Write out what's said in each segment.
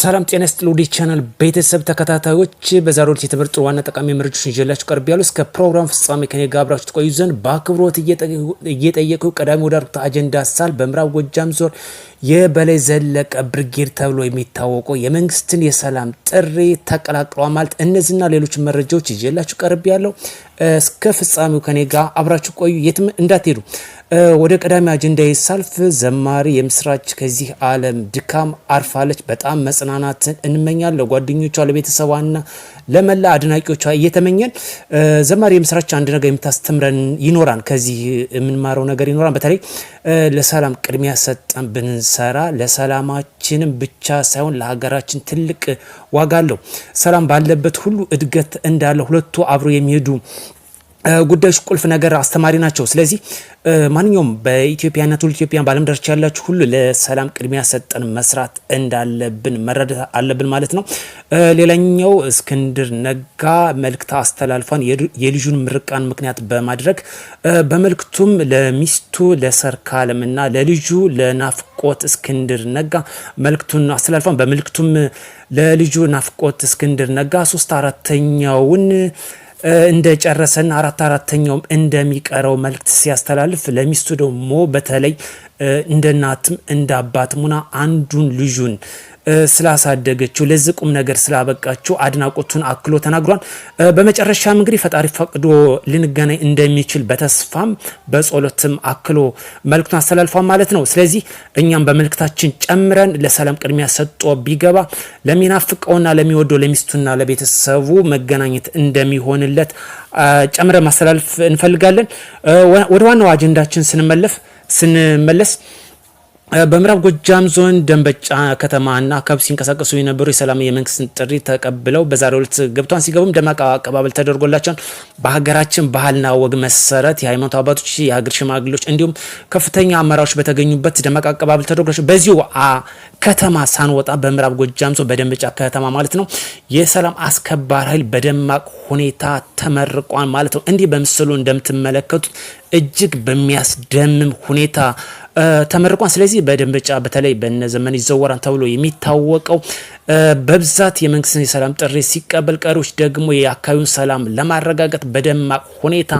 ሰላም ጤና ስጥ ሉዲ ቻናል ቤተሰብ ተከታታዮች በዛሬው ዕለት የተመረጡ ዋና ጠቃሚ መረጃዎች ይዤላችሁ ቀርብ ያሉ እስከ ፕሮግራም ፍጻሜ ከኔ ጋር አብራችሁ ትቆዩ ዘንድ በአክብሮት እየጠየቁ ቀዳሚ ወዳርኩት አጀንዳ ሳል በምዕራብ ጎጃም ዞን የበላይ ዘለቀ ብርጌድ ተብሎ የሚታወቀው የመንግስትን የሰላም ጥሪ ተቀላቅሏ ማለት እነዚህና ሌሎች መረጃዎች ይዤላችሁ ቀርብ ያለው እስከ ፍጻሜው ከኔ ጋር አብራችሁ ቆዩ፣ የትም እንዳትሄዱ። ወደ ቀዳሚ አጀንዳ የሳልፍ ዘማሪ የምስራች ከዚህ ዓለም ድካም አርፋለች። በጣም መጽናናትን እንመኛለን ለጓደኞቿ ለቤተሰቧና ለመላ አድናቂዎቿ እየተመኘን። ዘማሪ የምስራች አንድ ነገር የምታስተምረን ይኖራል፣ ከዚህ የምንማረው ነገር ይኖራል። በተለይ ለሰላም ቅድሚያ ሰጠን ብንስ ብንሰራ ለሰላማችንም ብቻ ሳይሆን ለሀገራችን ትልቅ ዋጋ አለው። ሰላም ባለበት ሁሉ እድገት እንዳለ ሁለቱ አብሮ የሚሄዱ ጉዳዮች ቁልፍ ነገር አስተማሪ ናቸው። ስለዚህ ማንኛውም በኢትዮጵያና ትውልደ ኢትዮጵያን በዓለም ደረጃ ያላችሁ ሁሉ ለሰላም ቅድሚያ ሰጠን መስራት እንዳለብን መረዳት አለብን ማለት ነው። ሌላኛው እስክንድር ነጋ መልእክት አስተላልፏን የልጁን ምርቃን ምክንያት በማድረግ በመልእክቱም ለሚስቱ ለሰርካለምና ለልጁ ለናፍቆት እስክንድር ነጋ መልእክቱን አስተላልፏን። በመልእክቱም ለልጁ ናፍቆት እስክንድር ነጋ ሶስት አራተኛውን እንደጨረሰና አራት አራተኛውም እንደሚቀረው መልእክት ሲያስተላልፍ ለሚስቱ ደግሞ በተለይ እንደ እናትም እንደ አባት ሙና አንዱን ልጁን ስላሳደገችው ለዚህ ቁም ነገር ስላበቃችው አድናቆቱን አክሎ ተናግሯል። በመጨረሻም እንግዲህ ፈጣሪ ፈቅዶ ልንገናኝ እንደሚችል በተስፋም በጸሎትም አክሎ መልክቱን አስተላልፏል ማለት ነው። ስለዚህ እኛም በመልክታችን ጨምረን ለሰላም ቅድሚያ ሰጦ ቢገባ ለሚናፍቀውና ለሚወደው ለሚስቱና ለቤተሰቡ መገናኘት እንደሚሆንለት ጨምረን ማስተላለፍ እንፈልጋለን። ወደ ዋናው አጀንዳችን ስንመለፍ ስንመለስ በምዕራብ ጎጃም ዞን ደንበጫ ከተማና ከብት ሲንቀሳቀሱ የነበሩ የሰላም የመንግስትን ጥሪ ተቀብለው በዛሬው ዕለት ገብቷን ሲገቡም ደማቅ አቀባበል ተደርጎላቸዋል። በሀገራችን ባህልና ወግ መሰረት የሃይማኖት አባቶች፣ የሀገር ሽማግሎች እንዲሁም ከፍተኛ አመራሮች በተገኙበት ደማቅ አቀባበል ተደርጎላቸው በዚሁ ከተማ ሳንወጣ በምዕራብ ጎጃም ዞን በደንበጫ ከተማ ማለት ነው የሰላም አስከባሪ ኃይል በደማቅ ሁኔታ ተመርቋል ማለት ነው። እንዲህ በምስሉ እንደምትመለከቱት እጅግ በሚያስደምም ሁኔታ ተመርቋን። ስለዚህ በደንበጫ በተለይ በነ ዘመን ይዘወራል ተብሎ የሚታወቀው በብዛት የመንግስትን የሰላም ጥሪ ሲቀበል፣ ቀሪዎች ደግሞ የአካባቢውን ሰላም ለማረጋገጥ በደማቅ ሁኔታ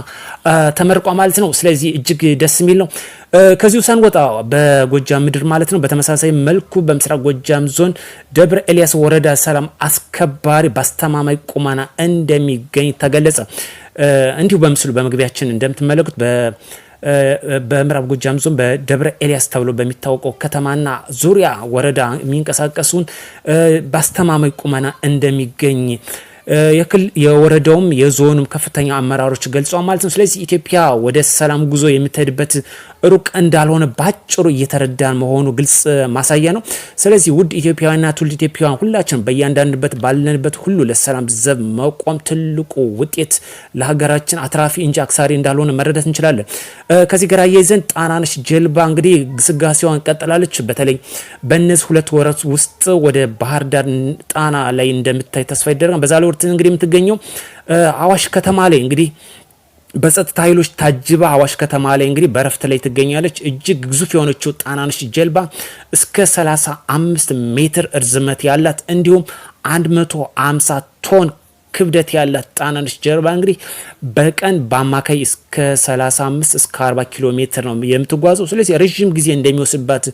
ተመርቋ ማለት ነው። ስለዚህ እጅግ ደስ የሚል ነው። ከዚሁ ሳንወጣ በጎጃም ምድር ማለት ነው። በተመሳሳይ መልኩ በምስራቅ ጎጃም ዞን ደብረ ኤልያስ ወረዳ ሰላም አስከባሪ በአስተማማኝ ቁመና እንደሚገኝ ተገለጸ። እንዲሁ በምስሉ በመግቢያችን እንደምትመለኩት በምዕራብ ጎጃም ዞን በደብረ ኤልያስ ተብሎ በሚታወቀው ከተማና ዙሪያ ወረዳ የሚንቀሳቀሱን በአስተማማኝ ቁመና እንደሚገኝ የወረዳውም የዞኑም ከፍተኛ አመራሮች ገልጸዋል ማለት ነው። ስለዚህ ኢትዮጵያ ወደ ሰላም ጉዞ የምትሄድበት ሩቅ እንዳልሆነ ባጭሩ እየተረዳን መሆኑ ግልጽ ማሳያ ነው። ስለዚህ ውድ ኢትዮጵያውያንና ትውልድ ኢትዮጵያውያን ሁላችን በእያንዳንድበት ባለንበት ሁሉ ለሰላም ዘብ መቆም ትልቁ ውጤት ለሀገራችን አትራፊ እንጂ አክሳሪ እንዳልሆነ መረዳት እንችላለን። ከዚህ ጋር አያይዘን ጣናነሽ ጀልባ እንግዲህ ግስጋሴዋን ቀጥላለች። በተለይ በእነዚህ ሁለት ወረት ውስጥ ወደ ባህር ዳር ጣና ላይ እንደምታይ ተስፋ ይደረጋል። በዛ ሪዞርት እንግዲህ የምትገኘው አዋሽ ከተማ ላይ እንግዲህ በጸጥታ ኃይሎች ታጅባ አዋሽ ከተማ ላይ እንግዲህ በረፍት ላይ ትገኛለች። እጅግ ግዙፍ የሆነችው ጣናነሽ ጀልባ እስከ 35 ሜትር እርዝመት ያላት እንዲሁም 150 ቶን ክብደት ያላት ጣናነች ጀልባ እንግዲህ በቀን በአማካይ እስከ 35 እስከ 40 ኪሎ ሜትር ነው የምትጓዘው። ስለዚህ ረዥም ጊዜ እንደሚወስድባት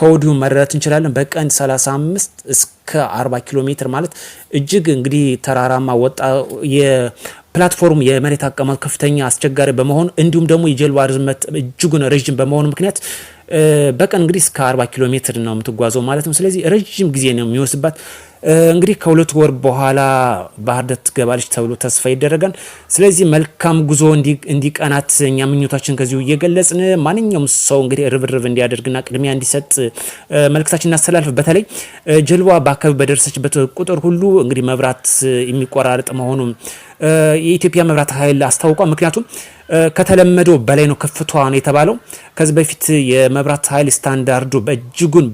ከወዲሁ መረዳት እንችላለን። በቀን 35 እስከ 40 ኪሎ ሜትር ማለት እጅግ እንግዲህ ተራራማ ወጣ የፕላትፎርም የመሬት አቀማመጥ ከፍተኛ አስቸጋሪ በመሆኑ እንዲሁም ደግሞ የጀልባ ርዝመት እጅጉን ረዥም በመሆኑ ምክንያት በቀን እንግዲህ እስከ 40 ኪሎ ሜትር ነው የምትጓዘው ማለት ነው። ስለዚህ ረዥም ጊዜ ነው የሚወስድባት። እንግዲህ ከሁለት ወር በኋላ ባህር ዳር ትገባለች ተብሎ ተስፋ ይደረጋል። ስለዚህ መልካም ጉዞ እንዲቀናት እኛ ምኞታችን ከዚሁ እየገለጽን ማንኛውም ሰው እንግዲህ ርብርብ እንዲያደርግና ቅድሚያ እንዲሰጥ መልእክታችን እናስተላልፍ። በተለይ ጀልባ በአካባቢ በደረሰችበት ቁጥር ሁሉ እንግዲህ መብራት የሚቆራረጥ መሆኑን የኢትዮጵያ መብራት ኃይል አስታውቋል። ምክንያቱም ከተለመደው በላይ ነው ነው የተባለው። ከዚህ በፊት የመብራት ኃይል ስታንዳርዱ በእጅጉን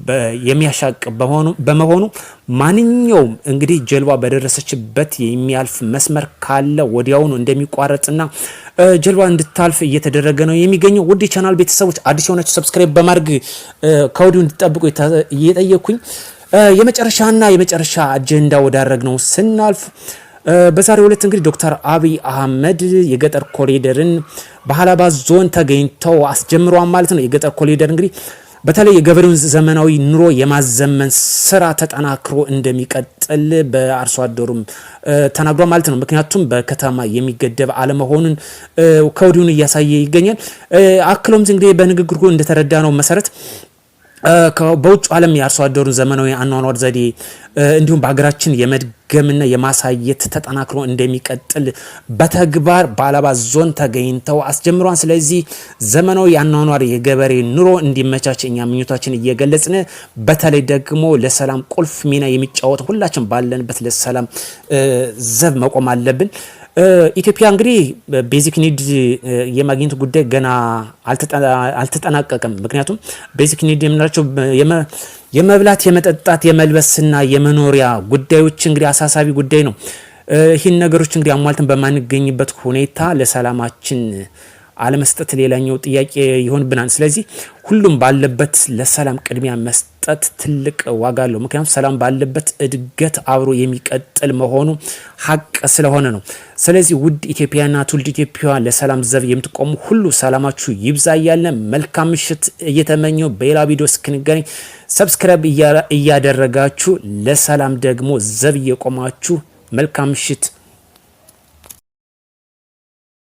የሚያሻቅ በመሆኑ ማንኛውም እንግዲህ ጀልባ በደረሰችበት የሚያልፍ መስመር ካለ ወዲያውኑ እንደሚቋረጥና ጀልባ እንድታልፍ እየተደረገ ነው የሚገኘው። ውድ ቻናል ቤተሰቦች አዲስ የሆናችሁ ሰብስክራይብ በማድረግ ከወዲሁ እንድጠብቁ እየጠየኩኝ የመጨረሻና የመጨረሻ አጀንዳ ወዳረግ ነው ስናልፍ በዛሬው ዕለት እንግዲህ ዶክተር አብይ አህመድ የገጠር ኮሪደርን በሀላባ ዞን ተገኝተው አስጀምረዋል ማለት ነው። የገጠር ኮሪደር እንግዲህ በተለይ የገበሬውን ዘመናዊ ኑሮ የማዘመን ስራ ተጠናክሮ እንደሚቀጥል በአርሶ አደሩም ተናግሯል ማለት ነው። ምክንያቱም በከተማ የሚገደብ አለመሆኑን ከወዲሁን እያሳየ ይገኛል። አክሎም እንግዲህ በንግግሩ እንደተረዳ ነው መሰረት በውጭ ዓለም የአርሶ አደሩን ዘመናዊ አኗኗር ዘዴ እንዲሁም በሀገራችን የመድገምና የማሳየት ተጠናክሮ እንደሚቀጥል በተግባር በአላባ ዞን ተገኝተው አስጀምሯን። ስለዚህ ዘመናዊ አኗኗር የገበሬ ኑሮ እንዲመቻች እኛ ምኞታችን እየገለጽን በተለይ ደግሞ ለሰላም ቁልፍ ሚና የሚጫወት ሁላችን ባለንበት ለሰላም ዘብ መቆም አለብን። ኢትዮጵያ እንግዲህ ቤዚክ ኒድ የማግኘት ጉዳይ ገና አልተጠናቀቀም። ምክንያቱም ቤዚክ ኒድ የምንላቸው የመብላት፣ የመጠጣት፣ የመልበስና የመኖሪያ ጉዳዮች እንግዲህ አሳሳቢ ጉዳይ ነው። ይህን ነገሮች እንግዲህ አሟልተን በማንገኝበት ሁኔታ ለሰላማችን አለመስጠት ሌላኛው ጥያቄ ይሆንብናል። ስለዚህ ሁሉም ባለበት ለሰላም ቅድሚያ መስጠት ትልቅ ዋጋ አለው። ምክንያቱም ሰላም ባለበት እድገት አብሮ የሚቀጥል መሆኑ ሀቅ ስለሆነ ነው። ስለዚህ ውድ ኢትዮጵያና ትውልድ ኢትዮጵያ ለሰላም ዘብ የምትቆሙ ሁሉ ሰላማችሁ ይብዛ እያለ መልካም ምሽት እየተመኘው በሌላ ቪዲዮ እስክንገናኝ ሰብስክራይብ እያደረጋችሁ ለሰላም ደግሞ ዘብ እየቆማችሁ መልካም ምሽት